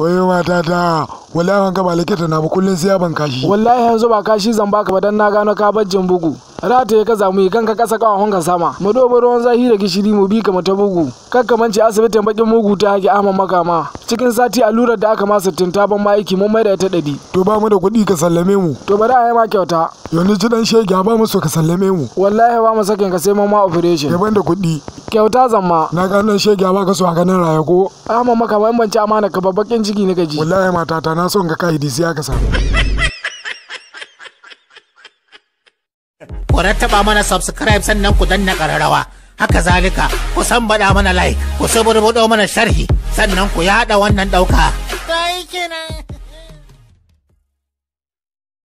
Oyo mata ta wallahi wanka ba likita na ba kullun sai ban kashi. Wallahi yanzu ba kashi zan baka ba dan na gano ka bajjin bugu. Rata ya kaza mu kanka kasa kawa honka sama. Mu dobo ruwan zahi da gishiri mu bi ka ta bugu. Kakka manci asibitin bakin mugu ta haki Ahmad Makama. Cikin sati allurar da aka ma sittin ta ban aiki mun da ta dadi. To ba mu da kuɗi ka sallame mu. To bari a yi ma kyauta. Yanzu ci dan shege ba mu so ka sallame mu. Wallahi ba mu sakin ka sai mun ma operation. ban da kuɗi. kyauta zamma na ga nan shege ba ka so a ganin raya ko ah, amma maka ban banci amana ka babbakin ciki ne gaji wallahi ta na son ka kai disi aka samu ku rattaba mana subscribe sannan ku danna kararrawa haka zalika ku san bada mana like ku saburbudo mana sharhi sannan ku yada wannan dauka sai kenan